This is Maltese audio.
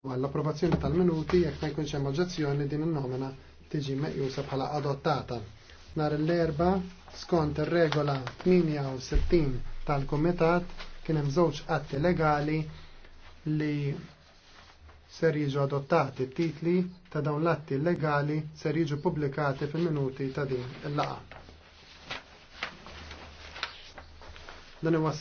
għall-approvazzjoni tal-minuti jekk ma jkunx hemm oġġezzjoni din in-nomina tiġi meqjusa bħala adottata. Nar l-erba skont ir-regola 68 tal-Kumitat kien hemm żewġ atti legali li ser jiġu adottati titli ta' dawn l-atti legali ser jiġu pubblikati fil-minuti ta' din il-laqa. Dan